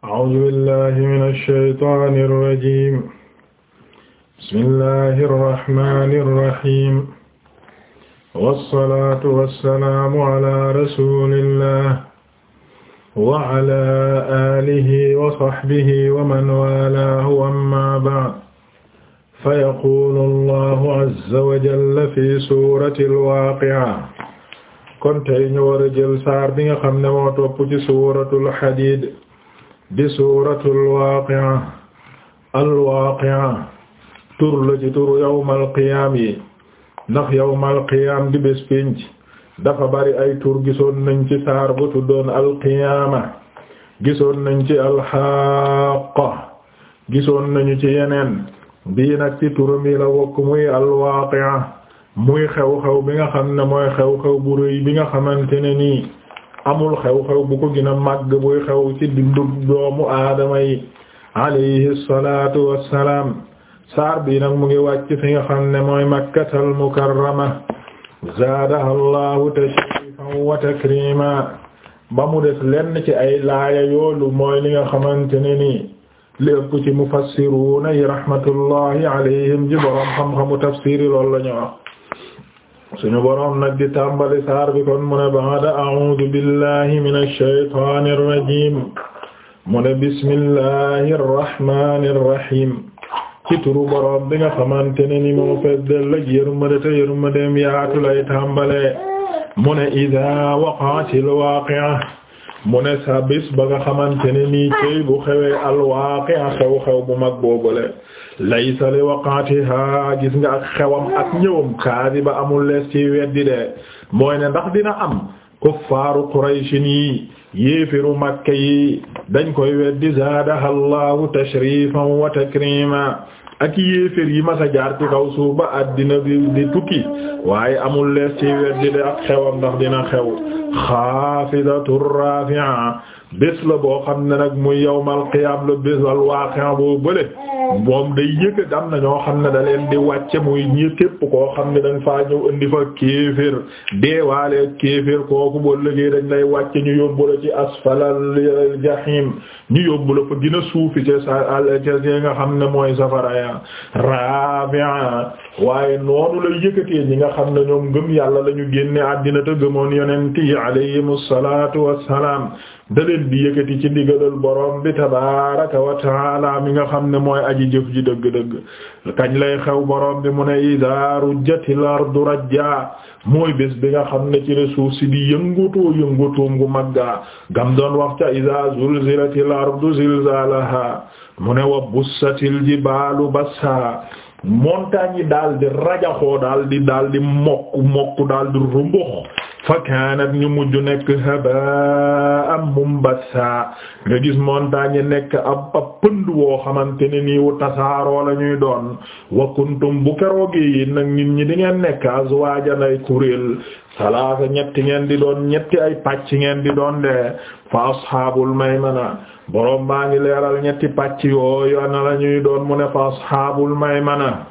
A'uuzu billaahi mina shaytaani rajiim. Bismillaahi rahmaani rahiim. Wassalaatu wassalaamu alaa rasuulillaah wa alaa aalihi wa sahbihi wa man waalaahu ammaa ba'd. Fayaquulu Allaahu azza wa jalla fii suuratil waaqi'a. Kon tey ñu war a jël saar bi nga xam ne moo topp ci suuratul Hadiid. di suuratul waaqi'a alwaaqi'a tur la ci tur yawmal qiyaam yi ndax yawmal qiyaam di bés pénc dafa bari ay tur gisoon nañ ci saar bu tuddoon alqiyaama gisoon nañ ci alxaaqa gisoon nañu ci yeneen bii nag ci turam yi la wokk muy alwaaqi'a muy xew-xew bi nga xam ne mooy xew-xew bu rëy bi nga xamante ne nii amul xew-xew bu ko gën a màgg buy xew ci dundu doomu aadama yi alayhi salaatu wassalaam saar bi nag mu ngi wàcc fi nga xam ne mooy makkatal mukarrama zaadaha allahu tashrifan wa takrima ba mu des lenn ci ay laaya yoolu mooy li nga xamante ne nii li ëpp ci mufassiruuna yi rahmatullahi alayhim ji boroom xam-xamu tafsiri loolu la ñu wax suñu boroom nag di saar bi kon mu ne baada a'uudu billahi minash ci turu boroom nga xamante ne ni moo feddal ak yërmande te yërmandeem yaatu lay tàmbale mu ne idaa waqa'atil waaqi'a bu xewee alwaaqi'a xew-xew bu mag boobule laysa li waqa'atiha gis nga ak xewam ak ñëwam kaadiba amul lees ci weddi de mooy ne ndax dina am kuffaaru qurayshin yi yéefiru makka yi dañ koy weddi zaadaha allahu tashrifan wa takrima ak yéefér yi masa jaar ci kaw suuf di tukki waaye amul lees ci weddi de ak xewam ndax dina xew xaafidatu rafi'a bés la boo xam ne nag muy yawmal qiyaam la bés al waaqi'a boo bële moom day yëkkat am na ñoo xam ne da leen di wàcce muy ñi képp koo xam ne dañ faa ñëw indi fa kéeféer deewaale kéeféer kooku boo lëgee dañ lay wàcce ñu yóbbu la ci asfalal jahim ñu yóbbu la fa gën a suufi ca sa ca nga xam ne mooy safara ya rabi'a waaye noonu la yëkkatee ñi nga xam ne ñoom gëm yàlla lañu ñu génne àddina te gëmoon yonent yi alayhimu salaatu wassalaam da bi di yëkkati ci ndigalal borom bi tabaaraka wa taala mi nga xam ne mooy aji jëf ji dëgg-dëgg kañ lay xew borom bi mu ne idaa rujjatil ardu rajja mooy bés bi nga xam ne ci la suuf si di yëngatoo yëngatoom magga gam doon wax ca idaa zulzilatil ardu zilzaalaha mu ne wa bussatil baalu bassa montagne yi daal di rajaxoo daal di daal di mokk daal di rumbux fa kaanat ñu mujj nekk haba am mumbassa nga gis montagne nekk ab ab pënd woo xamante ne nii wu tasaaroo la ñuy doon wa bu keroogee yéen nag nit ñi di ngeen nekk azwaajan ay kuréel salaasa ñetti ngeen di doon ñetti ay pàcc ngeen di doon de fa ashaabul maymana boroom maa ngi leeral ñetti pàcc yooyu na la ñuy doon mu ne fa ashaabul maymana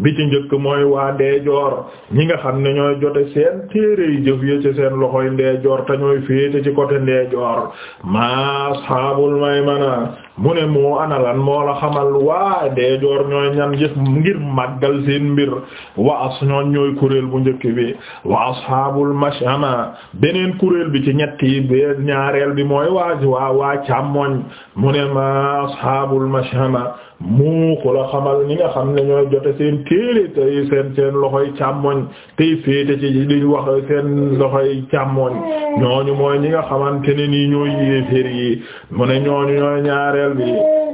bi ci njëkk mooy waa ndeejoor ñi nga xam ne ñooy jote seen téere yi jëf yi ci seen loxoy ndeejoor te ñooy féete ci côté ndeejoor maa ashaabul maymana mu ne moo analan moo xamal waa deejoor ñooy ñan jëf ngir màggal seen mbir wa as ñoon ñooy kuréel bu njëkk bi wa ashaabul mashama beneen kuréel bi ci ñett yi ñaareel bi mooy waa waa waa càmmoñ mu ne ma ashaabul mashama mu ko xamal ñi nga xam ne ñooy jote seen téere tey seen seen loxoy càmmoñ tey féete ci liñ wax seen loxoy càmmoñ ñooñu mooy ñi nga xamante ne nii ñooy yéeféer yi mu ne ñooñu ñooy ñaareel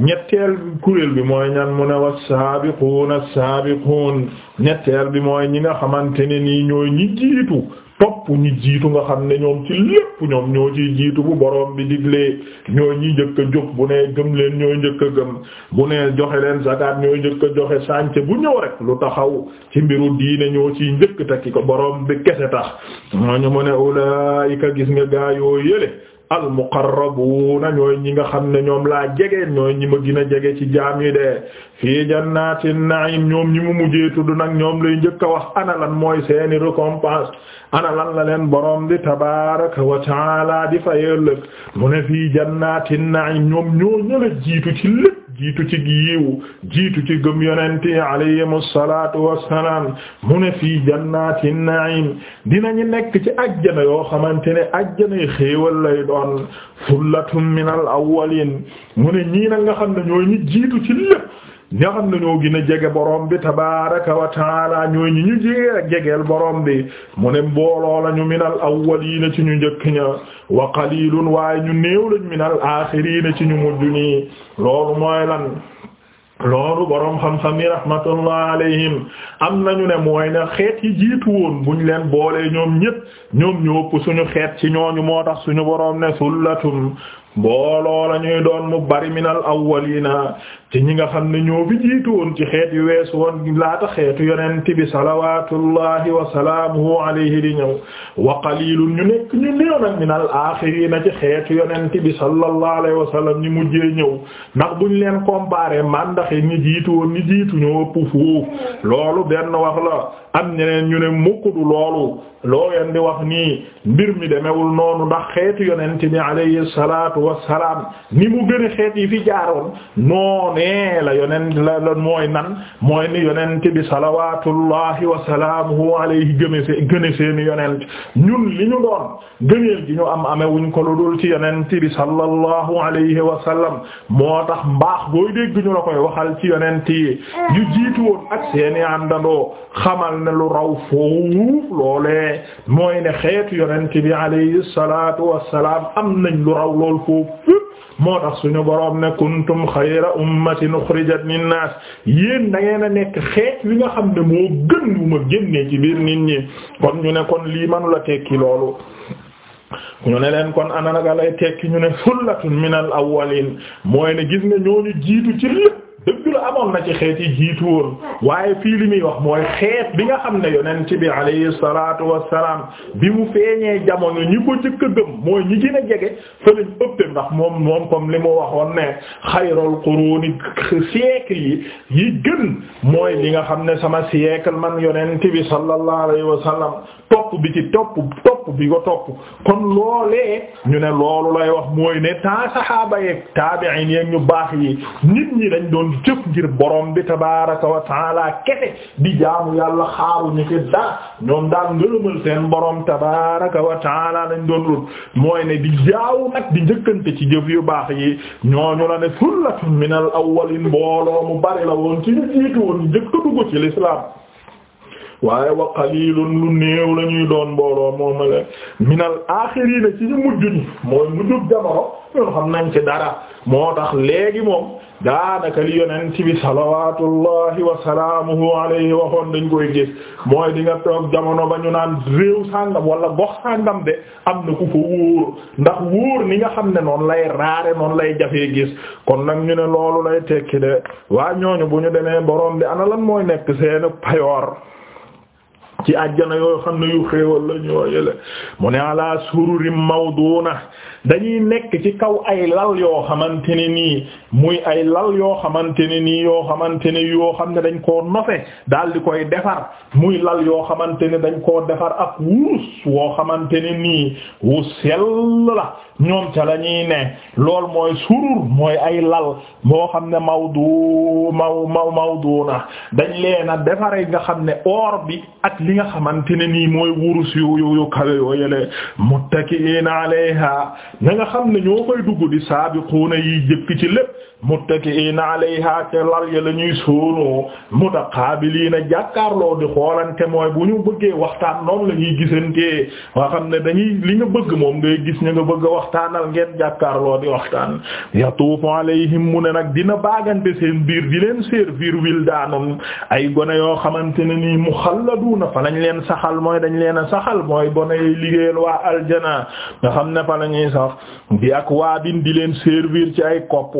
ñetteel bi kuréel bi mooy ñan mu ne was-saabiquuna as-saabiquun ñetteel bi mooy ñi nga xamante ne nii ñooy ñi jiitu topp ñi jiitu nga xam ne ñoom ci lépp ñoom ñoo ciy jiitu bu boroom bi digle ñoo ñi njëkk a jóg bu ne gëm leen ñoo njëkk gëm bu nee joxe leen zakat ñoo njëkk a joxe sànce bu ñëw rek lu taxaw ci mbiru diine ñoo ciy njëkk te ki ko boroom bi kese tax ñooñu mu ne ulaayika gis nga gaayoo yële al muqarrabuuna ñooy ñi nga xam ne ñoom laa jege ñooy ñi ma gën a jege ci jaam yi de fii jannaati na'iim ñoom ñi mu mujjee tudd nag ñoom lay njëkk a wax ana lan mooy seeni récompense ana lan la leen borom di tabaaraka wa ta'aala di fayal mu ne fii jannaati na'iim ñoom ñoo ñëla jiitu ci lépp jiitu ci yiw jiitu ci gëm yonente alayhimu salaatu wassalaam mu ne fii jannaati na'iim dinañu nekk ci ajjana yoo xamante ne ajjana yi xéewal lay doon fullatun minal awwaliin mu ne ñii nag nga xam ne ñooy jiitu ci lépp ñoo xam ne ñoo jege boroom bi tabaaraka wa taala ñooy ñi ñu jege jegeel boroom bi mu ne mbooloo lañu minal awwaliina ci ñu njëkk ña wa qaliilun waaye ñu néew lañu minal aaxiriina ci ñu mujj nii loolu mooy lan loolu boroom xam-xam yi rahmatullah alayhim am nañu ne mooy ne xeet yi jiitu woon buñ leen boolee ñoom ñépp ñoom ñu ëpp suñu xeet ci ñooñu moo tax suñu boroom ne sullatum mbooloo la ñuy doon mu bari minal awwalina ci ñi nga xam ne ñoo fi jiitu woon ci xeet yu weesu woon laata xeetu yonent bi salawaatullahi wa salaamuhu alayhi di ñëw wa qalilun ñu nekk ñu néew nag minal aaxirina ci xeetu yonent bi sallallahu alayhi wa sallam ñi mujjee ñëw ndax buñ leen comparé mandax yi ñi jiitu woon ñi jiitu ñoo ëpp foofu loolu benn wax la am ñeneen ñu ne mukk du loolu loo leen di wax nii mbir mi demewul noonu ndax xeetu yonent bi alayhi salaatu wassalaam ni mu gën a xeet yi fi jaaroon noonee la yonent la la mooy nan mooy ni yonent bi salawaatullahi wa salaamuhu alayhi gëne see gëne seeni yonent ñun li ñu doon gëneel gi ñu am amewuñ ko lu dul ci yonent bi sallallahu alayhi wa sallam moo tax mbaax booy dégg ñu la koy waxal ci yonent yi yu jiitu woon ak seeni àndandoo xamal ne lu raw foofu loolee ne mooy ne xeetu yonent bi alayhi salaatu wassalaam am nañ lu raw lool foofu moo tax suñu boroom ne kuntum xayra ummatin uxrijat linnaas yéen da ngeen a nekk xeet wi nga xam ne moo gën wu ma génnee ci biir nit ñi kon ñu ne kon lii manu la tekki loolu ñu ne leen kon ana naka lay ñu ne sullatun minal awwalin mooy ne gis nga ñooñu jiitu ci lépp dëgg la amoon na ci xeet yi jiitu woon waaye fii li muy wax mooy xeet bi nga xam ne yonent bi alayhi salaatu wassalaam bi mu feeñee jamono ñi ko jëkk a gëm mooy ñi gën a jege fa lañ ëppee ndax moom moom comme li mu waxoon ne xayrul quruuni siècle yi yi gën mooy li nga xam ne sama siècle man yonent bi sallallahu alayhi wasallam topp bi ci topp topp bi ko topp kon loolee ñu ne loolu lay wax mooy ne taa saxaaba yeek taabi'iin yeek ñu baax yi nit ñi dañ doon doon jëf ngir borom bi tabaaraka wa taala di jaamu yàlla xaaruñu ci dara ñoom daal ngërëmal seen borom tabaaraka wa taala lañ doon rut mooy ne di jaaw nag di njëkkante ci jëf yu baax yi ñooñu la ne sullatun minal awwalin mbooloo mu bari la woon ci ñu jiitu woon njëkk a dugg ci lislaam waaye wa qalilun lu néew la doon mbooloo moom la minal aaxiriina ci ñu mujj ñi mooy mujjug jamono ñun xam nañ ci dara moo tax léegi moom. daanaka li yonent bi salawatullahi wa salaamuhu alayhi waxoon dañ koy gis mooy di nga jamono ba ñu naan réew sàngam wala gox sàngam de am na ku fa wóor ndax wóor ni nga xam ne noonu lay raare noonu lay jafee gis kon nag ñu ne loolu lay tekki de waa ñooñu bu ñu demee borom bi ana lan mooy nekk seen payoor ci àjjana yoo xam ne yu xéewal la ñu yële mu ne ala sururim mawduna dañuy nekk ci kaw ay lal yoo xamante ne nii muy ay lal yoo xamante ne nii yoo xamante ne yoo xam ne dañ koo nofe daal di koy defar muy lal yoo xamante ne dañ koo defar ak wurus woo xamante ne nii wu sell la ñuy ne lool mooy surur mooy ay lal moo xam ne mawdu maw maw mawdu na dañ leena defaree nga xam ne bi ak li nga xamante ne nii mooy wurus yu yu yu kawe yoo yële muttakiina alayha ña nga xam ne ñoo koy dugg di saabiquuna yi jëkk ci lépp muttakiina alayha ca lal ya la ñuy sóonoo mutaqaabiliina jàkkaarloo di xoolante mooy bu ñu bëggee waxtaan noonu la ñuy gisantee nga xam ne dañuy li nga bëgg moom ngay gis ñu nga bëgg a waxtaanal ngeen jàkkaarloo di waxtaan yi alayhim mu ne nag dina baagante seen biir di leen servir wildaanum ay gone yoo xamante ne nii muxalladuuna fa lañ leen saxal mooy dañ leen saxaal mooy gone yi liggéeyal waa aljana nga xam ne sax bi ak waabin di leen servir ci ay kopp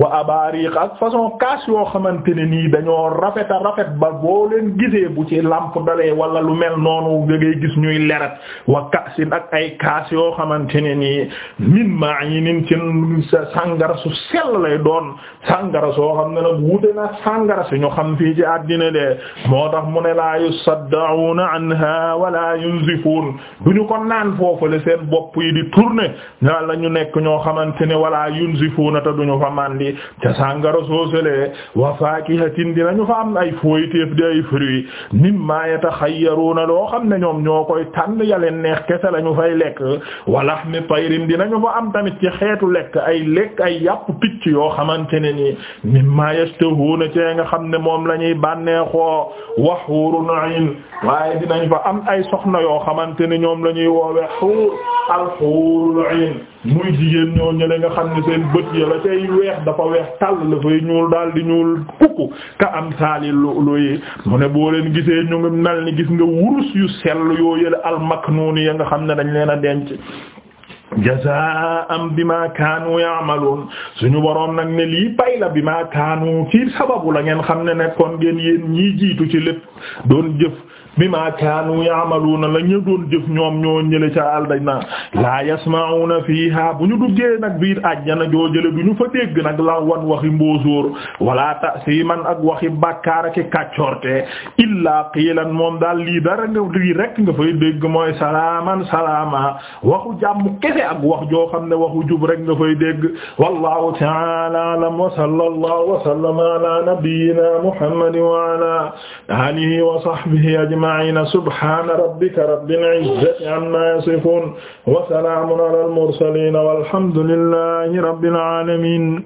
wa abariq ak façon kaas yoo xamante ne nii dañoo rafet rafet ba boo leen gisee bu ci lampe dalee wala lu mel noonu nga ngay gis ñuy lerat wa kaasin ak ay kaas yoo xamante ne nii yi ma'inin ci sàngara su sell lay doon sàngara soo xam ne nag wute na sàngara su ñu xam fii ci àddina de moo tax mu ne la yusaddauna anha wala yunzifun duñu ko naan foofu le seen bopp yi di tourner ñaan la ñu nekk ñoo xamante ne wala yunzifuna te duñu fa mandi ca sàngara soosele wa faakihatin ñu fa am ay fooyteef di ay fruits mimma yatakhayyaruna loo xam ne ñoom ñoo koy tànn yaleen neex kese la ñu fay lekk wa lahmi tayrin dinañu fa am tamit ci xeetu lekk ay lekk ay yàpp picc yoo xamante ne ni mimma yashtahuna ci nga xam ne moom la ñuy bànneexoo wa hurun ayn waaye dinañ fa am ay soxna yoo xamante ne ñoom la ñuy woowe hur al jigéen muy jigéen ñoo ñële nga xam ne seen bët ya la cay weex dafa weex tàll dafay ñuul daal di ñuul kukku ka am saali lu'lu'i mu ne boo leen gisee ñu ngi mel ni gis nga wurus yu sell yoo yële almaknuni ya nga xam ne dañ leen a denc bi ma kaanu ya'maluun suñu waroon nag ne lii pay la bimaa kaanu ci sababu la ngeen xam ne nekkoon ngeen yéen ñii jiitu ci lépp doon jëf bima kaanu ya'maluuna la ñu doon jëf ñoom ñoo ñële ca aljanna laa yasma'uuna fiihaa bu ñu duggee nag biir àjjana joo jële du ñu fa dégg nag la wan waxi mbóosóor wala ta'siiman ak waxi bàkkaar ak kàccorte illaa qiilan moom daal lii dara nga lii rek nga fay dégg mooy salaaman salaama waxu jàmm kese ak wax joo xam ne waxu jub rek nga fay dégg wallahu ta'ala a'lam wa sallallahu wa sallama ala nabiyyina muhammadin wa ala alihi wa sahbihi ajma'in ajma'in subhana rabbika rabbil izzati amma yasifun wa salamun alal mursalin walhamdulillahi rabbil alamin